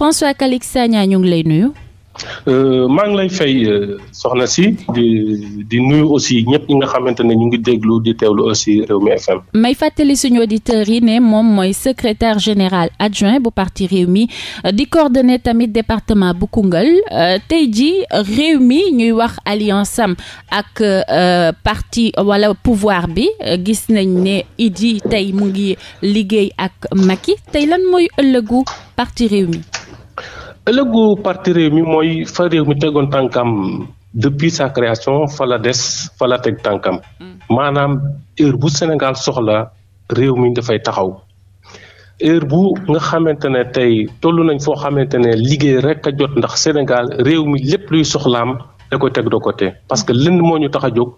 François Calix Sagna ñu ngi lay nuyu. Euh, maa ngi lay fay euh, soxna si di di nuyu aussi ñëpp ñi nga xamante ne ñu ngi déglu di teewlu aussi Rewmi FM. may fàttali suñu auditeurs yi ne moom mooy secrétaire général adjoint bu parti Rewmi euh, di coordonné tamit département bu Koungheul tey ji Rewmi ñuy wax alliance am ak parti wala pouvoir bi gis nañ ne Idy tey mu ngi liggéey ak Macky tey lan mooy ëllëgu parti Rewmi. ëllëgu parti réew mi mooy fa réew mi tegoon tànkam depuis sa création fala des fala teg tànkam mm. maanaam heure bu Sénégal soxla réew mi dafay taxaw heure bu nga xamante ne tey toll nañ foo xamante ne liggéey rek a jot ndax Sénégal réew mi lépp luy soxlaam da koy teg de côté parce que lenn moo ñu tax a jóg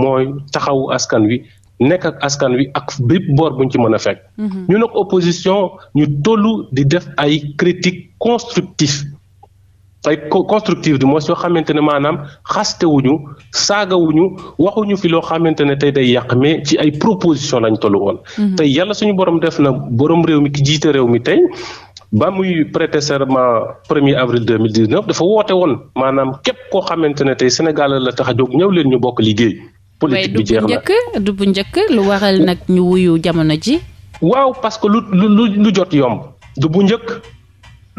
mooy taxawu askan wi nekk ak askan wi ak bépp boor bu ñu ci mën a fekk. Mhm. ñu nag opposition ñu toll di def ay critiques constructives ay constructives du moins yoo xamante ne maanaam xastewuñu saagawuñu waxuñu fi loo xamante ne tey day yàq mais ci ay proposition lañ tollu woon. Mhm. tey yàlla suñu borom def na borom réew mi ki jiite réew mi tey. ba muy prêter serment premier avril deux mille dix neuf dafa woote woon maanaam képp koo xamante ne tey Sénégal la tax a jóg ñëw leen ñu bokk liggéey. politique bi jeex na du bu njëkk lu waral nag ñu wuyu jamono ji. waaw parce que lu lu lu jot yomb du bu njëkk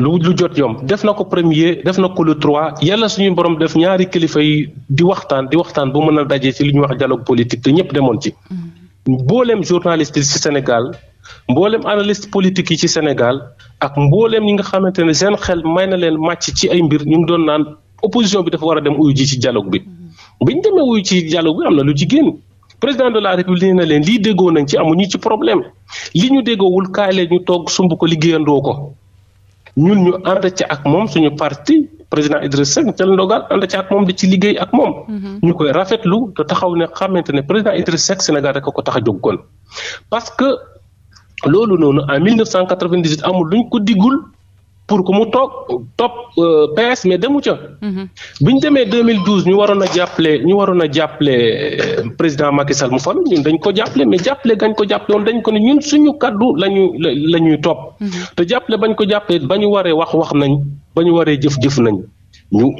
lu lu jot yomb def na ko premier def na ko le trois yàlla suñu borom def ñaari kilifa yi di waxtaan di waxtaan bu mën a daje ci lu ñuy wax dialogue politique te ñëpp demoon ci. Mm-hmm. mbooleem journaliste yi ci Sénégal mbooleem analyste politique yi ci Sénégal ak mbooleem ñi nga xamante ne seen xel may na leen màcc ci ay mbir ñu ngi doon naan opposition bi dafa war a dem uyu biñ demee wuyu ci dialogue bi am na lu jigéen président de la république na leen lii déggoo nañ ci amuñu ci problème li ñu déggoowul kaay leen ñu toog sumb ko liggéeyandoo ko ñun ñu ànd ci ak moom suñu parti président Idrissa Seck jël ndogal ànd ci ak moom di ci liggéey ak moom. Mhm. ñu koy rafetlu te taxaw ne xamante ne président Idrissa Seck Sénégal rek ko tax a jóg kon parce que loolu noonu en 1998 amul luñ ko diggul. pour que mu toog topp euh, PS mais demu ca. Mhm. bi ñu demee 2012 ñu waroon a jàppale ñu waroon a jàppale euh, président Macky Sall mu falu ñun dañ ko jàppale mais jàppale gañ ko jàppale dañ ko ne ñun suñu kaddu lañu la ñuy topp. Mhm. te jàppale bañ ko jàppale ba ñu waree wax wax nañ ba ñu waree jëf jëf nañ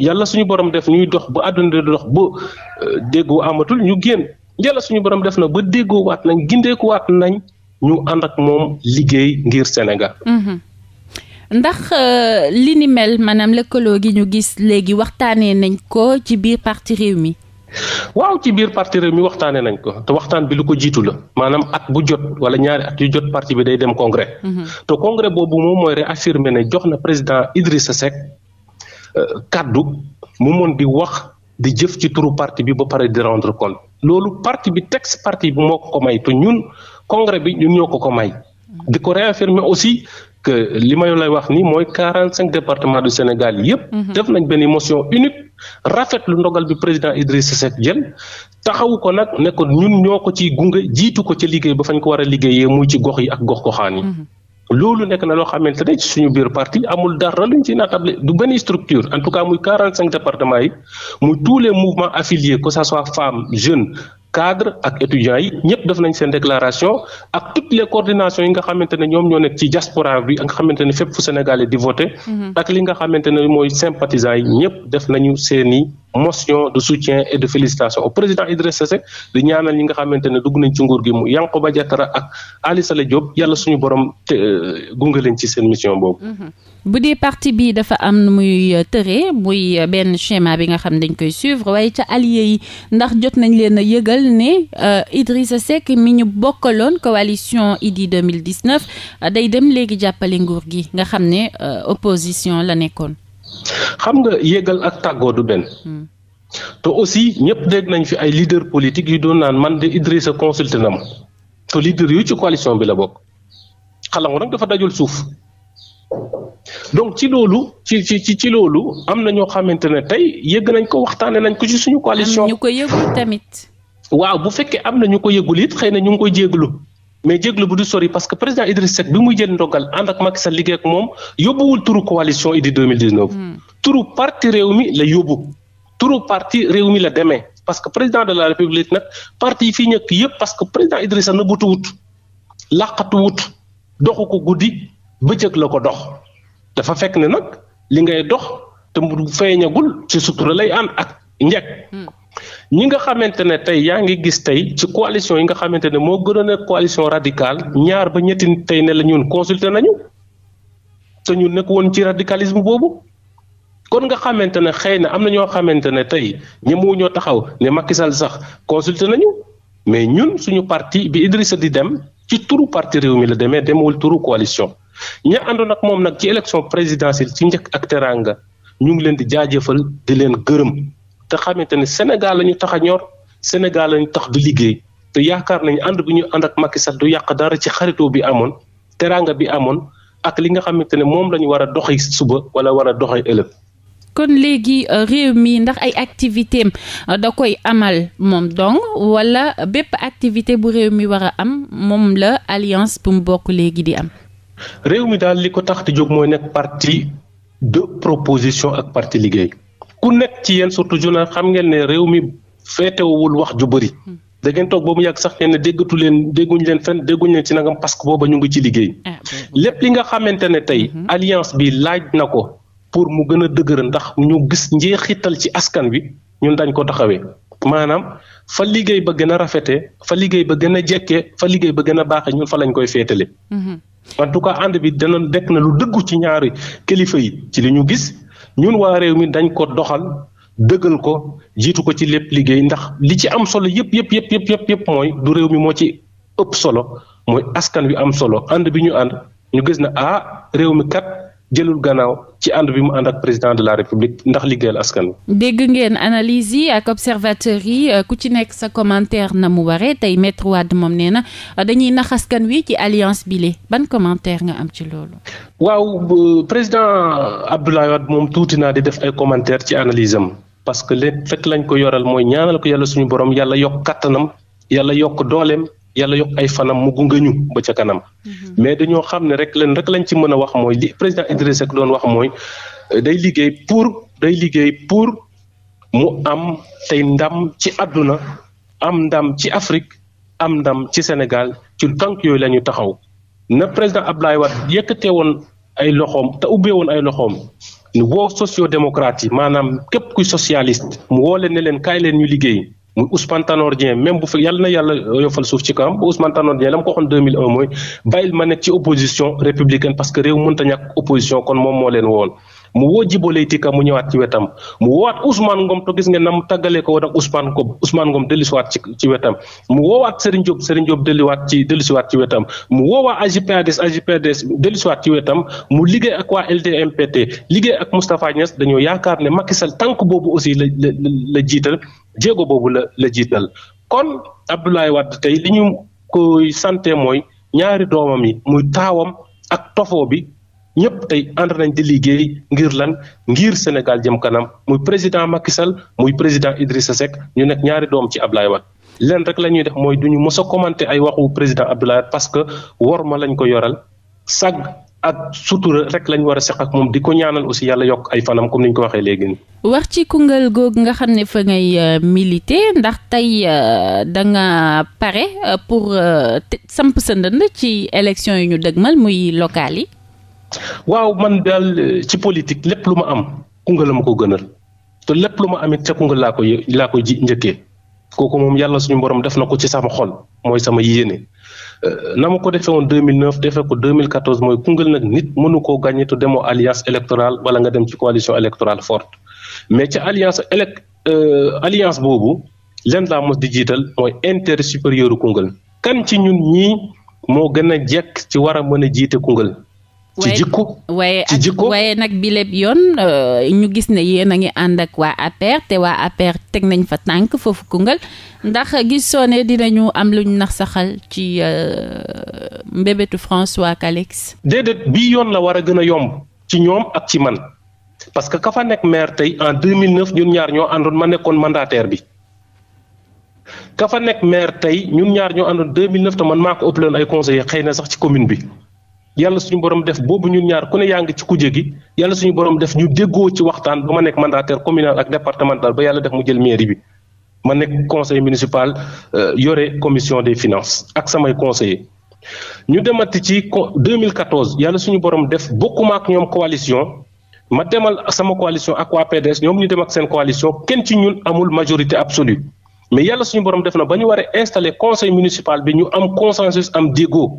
yàlla suñu borom def ñuy dox ba àdduna dox ba euh, déggoo amatul ñu génn yàlla suñu borom def na ba déggoo waat nañ gindeeku waat nañ ñu ànd ak moom liggéey ngir Sénégal. Mhm. ndax euh, li ni mel maanaam lëkkaloo gi ñu gis léegi waxtaanee nañ ko ci biir parti mi waaw ci biir parti mi waxtaanee nañ ko te waxtaan bi lu ko jiitu la maanaam at bu jot wala ñaari at yu jot parti bi day dem congrès mhm. te congrès boobu moom mooy réaffirmer ne jox na président Idrissa Seck euh, kàddu mu mën di wax di jëf ci turu parti bi ba pare di rendre compte loolu parti bi texte parti bi moo ko ko may te ñun congrès bi ñun ñoo ko ko may di ko réaffirmer aussi que li may lay wax ni mooy quarante cinq départements du Sénégal yépp mhm. def nañ benn motion unique rafetlu ndogal bi président Idrissa Seck jël taxawu ko nag ne ñun ñoo ko ci gunge jiitu ko ci liggéey ba fañ ko war a liggéeyee muy ci gox yi ak gox goxaan yi mhm. loolu nekk na loo xamante ne ci suñu biir parti amul dara luñ ci natable du benn structure en tout cas muy quarante cinq départements yi muy tous les mouvements affiliés que ça soit femmes jeunes cadre ak étudiants yi ñëpp def nañ seen déclaration ak toutes les coordinations yi nga xamante ne ñoom ñoo nekk ci diaspora bi nga xamante ne fépp fu Sénégalais di voter mhm. ak li nga xamante ne mooy sympathisants yi ñëpp def nañu seeni motion de soutien et de félicitation au président Idrissa Seck di ñaanal ñi nga xamante ne dugg nañ ci nguur gi mu Yankhoba Diattara ak Ali Sale Diop yàlla suñu borom te euh, gunge leen ci seen mission boobu. Mhm. bu dee parti bi dafa am muy euh, tëree muy euh, benn schéma bi nga xam ne dañ koy suivre waaye ca allié yi ndax jot nañ leen yëgal ne Idrissa Seck mi ñu bokkaloon coalition Idy 2019 day dem léegi jàppale nguur gi nga xam ne opposition la nekkoon. xam nga yéegal ak tàggoo du benn. Hmm. te aussi ñëpp dégg nañ fi ay leader politique yu doon naan man de sa consulté na ma te leader yu ci coalition bi la bokk xalangu nag dafa dajul suuf. donc ci loolu ci ci ci ci loolu am na ñoo xamante ne tey yëgg nañ ko waxtaane nañ ko ci suñu coalition. am ñu ko yëgul tamit. waaw bu fekkee am na ñu ko yëgul it xëy na ñu ngi koy jéeglu mais jéglu bu du sori parce que président Idriss Seck bi muy jël ndogal ànd ak Macky Sall liggéey ak moom yóbbuwul turu coalition Idy 2019. Hmm. turu parti réew mi la yóbbu turu parti réew mi la demee parce que président de la république nag parti yi fii ñëkk yëpp parce que président Idriss Seck na butuwut làqatuwut doxu ko guddi bëccëg la ko dox dafa fekk ne nag li ngay dox te mu feeñagul ci sutura lay ànd ak njëkk. Hmm. ñi nga xamante ne tey yaa ngi gis tey ci coalition yi nga xamante ne moo gënoon a coalition radicale ñaar ba ñetti tey ne la ñun consulté nañu te ñu nekk woon ci radicalisme boobu kon nga xamante ne xëy na am na ñoo xamante ne tey ñemewu taxaw ne makisal sax consulté nañu mais ñun suñu parti bi Idrissa di dem ci turu parti réew mi la demee demul turu coalition ña àndoon ak moom nag ci élection présidentielle ci njëkk ak ñu ngi leen di jaajëfal di leen gërëm. te xamante ne Sénégal la ñu tax a ñor Sénégal la ñu tax di liggéey te yaakaar nañu ànd bi ñu ànd ak Macky Sall du yàq dara ci xarito bi amoon teraanga bi amoon ak li nga xamante ne moom la ñu war a doxee suba wala war a doxee ëllëg. kon léegi euh, réew mi ndax ay activité euh, da koy amal moom dong walla bépp activité bu réew mi war am moom la alliance bu mu bokk léegi di am. réew mi daal li ko tax di jóg mooy nekk parti de proposition ak parti liggéey. ku nekk ci yéen surtout juna xam ngeen ne réew mi féetewul wax ju bëri. Hmm. da ngeen toog ba mu yàgg sax ngeen ne déggatu leen dégguñ leen fenn dégguñ leen ci nangam parce que booba ñu ngi ci liggéey. Ah, lépp li nga xamante ne tey. Hmm. alliance bi laaj na ko pour mu gën a dëgër ndax ñu gis njeexital ci askan wi ñun dañ ko taxawee. maanaam fa liggéey ba gën a rafete fa liggéey ba gën a jekkee fa liggéey ba gën a baax ñun fa lañ koy féetale. Hmm. en tout bi dana nekk na ci ñaari kilifa yi ñun waa réew mi dañ ko doxal dëggal ko jiitu ko ci lépp liggéey ndax li ci am solo yëpp yëpp yëpp yëpp yëpp yëpp mooy du réew mi moo ci ëpp solo mooy askan wi am solo ànd bi ñu ànd ñu gis na ah réew mi kat jëlul gannaaw ci ànd bi mu ànd ak président de la république ndax liggéeyal askan wi. dégg ngeen analyse yi ak observateurs yi euh, ku ci nekk sa commentaire na mu waree tey maître Wade moom nee na euh, dañuy nax askan wi ci alliance bile ban commentaire nga am ci loolu. waaw président Abdoulaye Wade moom tuuti naa di def ay commentaire ci analyse am parce que lépp fekk lañ ko yoral mooy ñaanal ko yàlla suñu borom yàlla yokk kattanam yàlla yokk dooleem. yàlla yokk ay fanam mu gunge ñu ba ca kanam. Mhm. mais dañoo xam ne rek leen rek lañ ci mën a wax mooy di président Idrissa Seck doon wax mooy euh, day liggéey pour day liggéey pour mu am tey ndam ci àdduna am ndam ci Afrique am ndam ci Sénégal ci tànk yooyu la ñu taxaw na président Abdoulaye Wade yëkkatee woon ay loxoom te ubbee woon ay loxoom. woo sociodémocrate yi maanaam képp kuy socialiste mu woo leen ne leen kaay leen ñu liggéey muy Ousmane Tanor Dieng bu fekk yàlla na yàlla yofal suuf ci kawam ba Ousmane Tanor Dieng la ma ko waxoon 2001 mooy bàyyil ma nekk ci opposition républicaine parce que réew mënta ñàkk opposition kon moom moo leen woon mu woo Djibo Leyti Ka mu ñëwaat ci wetam mu woowaat Ousmane ngoom to gis ngeen na mu tàggalee ko nag Ousmane Ngom Ousmane dellusiwaat ci ci wetam mu woowaat Serigne Diop Serigne Diop delluwaat ci dellusiwaat ci wetam mu woowaa AGPADS AGPADS dellusiwaat ci wetam mu liggéey ak waa LDMPT liggéey ak Moustapha Niass dañoo yaakaar ne Macky Sall tànk boobu aussi la la la jiital jéego boobu la la jiital kon Abdoulaye Wade tey li ñu koy sante mooy ñaari doomam yi muy taawam ak tofo bi. ñëpp tey ànd nañ di liggéey ngir lan ngir Sénégal jëm kanam muy président Macky Sall muy président Idrissa Seck ñu nekk ñaari doom ci Ablaye Wade leen rek la ñuy def mooy du ñu mës a ay waxu président Abdoulaye parce que wor ma lañ ko yoral sag ak sutura rek lañ war a seq ak moom di ko ñaanal aussi yàlla yokk ay fanam comme ni ko waxee léegi nii. wax ci Koungheul googu nga xam ne fa ngay euh, militer ndax tey euh, da nga pare euh, pour samp sa ndënd ci élection yi ñu dëgmal muy locales yi. waaw man daal euh, ci politique lépp lu ma am Koungheul la ma ko gënal te lépp lu ma amit ca Koungheul laa koy laa ji njëkkee kooku moom yàlla suñu borom def na ko ci sama xol mooy sama yéene euh, na ma ko defee woon 2009 defee ko 2014 mooy Koungheul nag nit mënu ko gagné te demoo alliance électorale wala nga dem ci coalition électorale forte mais ci alliance élec euh, alliance boobu len laa mos di jiital mooy intérêt supérieur u Koungheul kan ci ñun ñii moo gën a jekk ci war a mën a jiite Koungheul ci jikko waaye ci waaye nag bi lépp yoon euh, ñu gis ne yéen a ngi ànd ak waa APR te waa APR teg nañ fa tànk foofu Koungheul ndax gis soo ne dinañu am luñ nax saxal ci euh, mbébétu François Calixte déedéet bii yoon la war a gën a yomb ci ñoom ak ci man parce que ka fa nekk maire tey en 2009 ñun ñaar ñoo àndoon ma nekkoon mandataire bi ka fa nekk maire tey ñun ñaar ñoo àndoon 2009 te man maa ko ëpp leen ay conseillers xëy na sax ci commune bi yàlla suñu borom def boobu ñun ñaar ku ne yaa ngi ci kuje gi yàlla suñu borom def ñu déggoo ci waxtaan ba ma nekk mandataire communal ak départemental ba yàlla def mu jël mairie bi ma nekk conseil municipal euh, yore commission des finances ak samay conseillers. ñu demati ci co 2014 yàlla suñu borom def bokkuma ak ñoom coalition ma demal sama coalition ak waa PDS ñoom ñu dem ak seen coalition kenn ci ñun amul majorité absolue mais yàlla suñu borom def na ba ñu war a conseil municipal bi ñu am consensus am déggoo.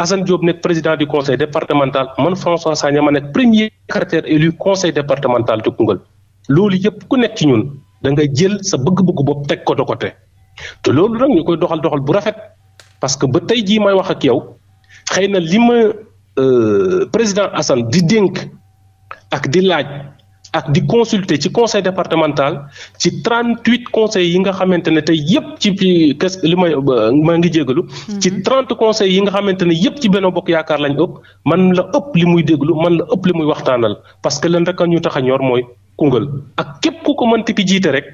Assane Diop nekk président du conseil départemental man François Sagna ma nekk premier secrétaire élu conseil départemental du Koungheul loolu yëpp ku nekk ci ñun da nga jël sa bëgg-bëgg bopp teg ko de te loolu nag ñu koy doxal doxal bu rafet parce que ba tey jii may wax ak yow xëy na li ma euh, président Assane di dénk ak di laaj ak di consulter ci conseil départemental ci 38 conseils yi nga xamante ne tey yëpp ci kes li may maa ngi jégalu. ci 30 mhm. conseils yi nga xamante ne yëpp ci Benno Bokk Yaakaar lañ ëpp man la ëpp li muy déglu man la ëpp li muy waxtaanal parce que leen rek a ñu tax a ñor mooy Koungheul ak képp ku ko mënti ki jiite rek.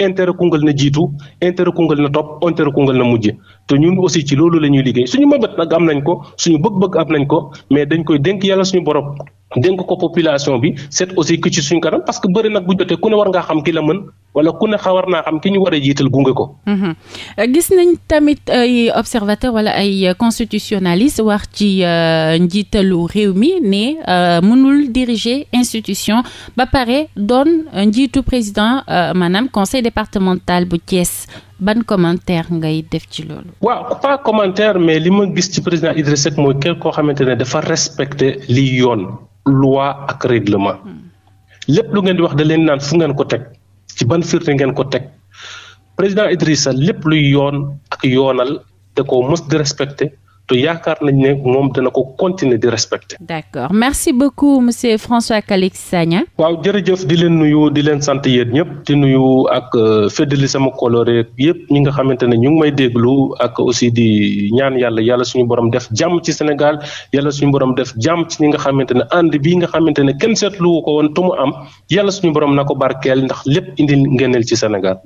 intérêt Koungheul na jiitu intérêt Koungheul na top intérêt Koungheul na mujj te ñun aussi ci loolu la ñuy liggéey suñu mëbët nag am nañ ko suñu bëgg-bëgg am nañ ko mais dañ koy dénk yàlla suñu borom dénk ko population bi seet aussi ki ci suñ kanam parce que bëri nag bu jotee ku ne war ngaa xam ki la mën wala ku ne xawar naa xam ki ñu war a jiital gunge ko. Mhm. Euh, gis nañ tamit ay observateur wala ay constitutionnaliste wax ci euh, njiitalu réew mi ne euh, mënul diriger institution ba pare doon njiitu président maanaam conseil départemental bu cees ban commentaire ngay def ci loolu. waaw pas commentaire mais li ma gis ci président Idrissa Seck mooy kenn koo xamante ne dafa respecter liy yoon loi ak règlement mhm. lépp lu ngeen di wax da leen naan fu ngeen ko teg. ci ban firnde ngeen ko teg président Idrissa lépp luy yoon ak yoonal da ko mës di respecté te yaakaar nañ ne moom dana ko continuer di respecter. d'accord merci beaucoup monsieur François Calix Sagna. waaw jërëjëf di leen nuyu di leen sant yéen ñëpp di nuyu ak euh, feddali sama kóllëre yëpp ñi nga xamante ne ñu ngi may déglu ak aussi di ñaan yàlla yàlla suñu borom def jàmm ci Sénégal yàlla suñu borom def jàmm ci ñi nga xamante ne ànd bii nga xamante ne kenn seetlu ko woon tu mu am yàlla suñu borom na ko barkeel ndax lépp indi ngeenel ci Sénégal.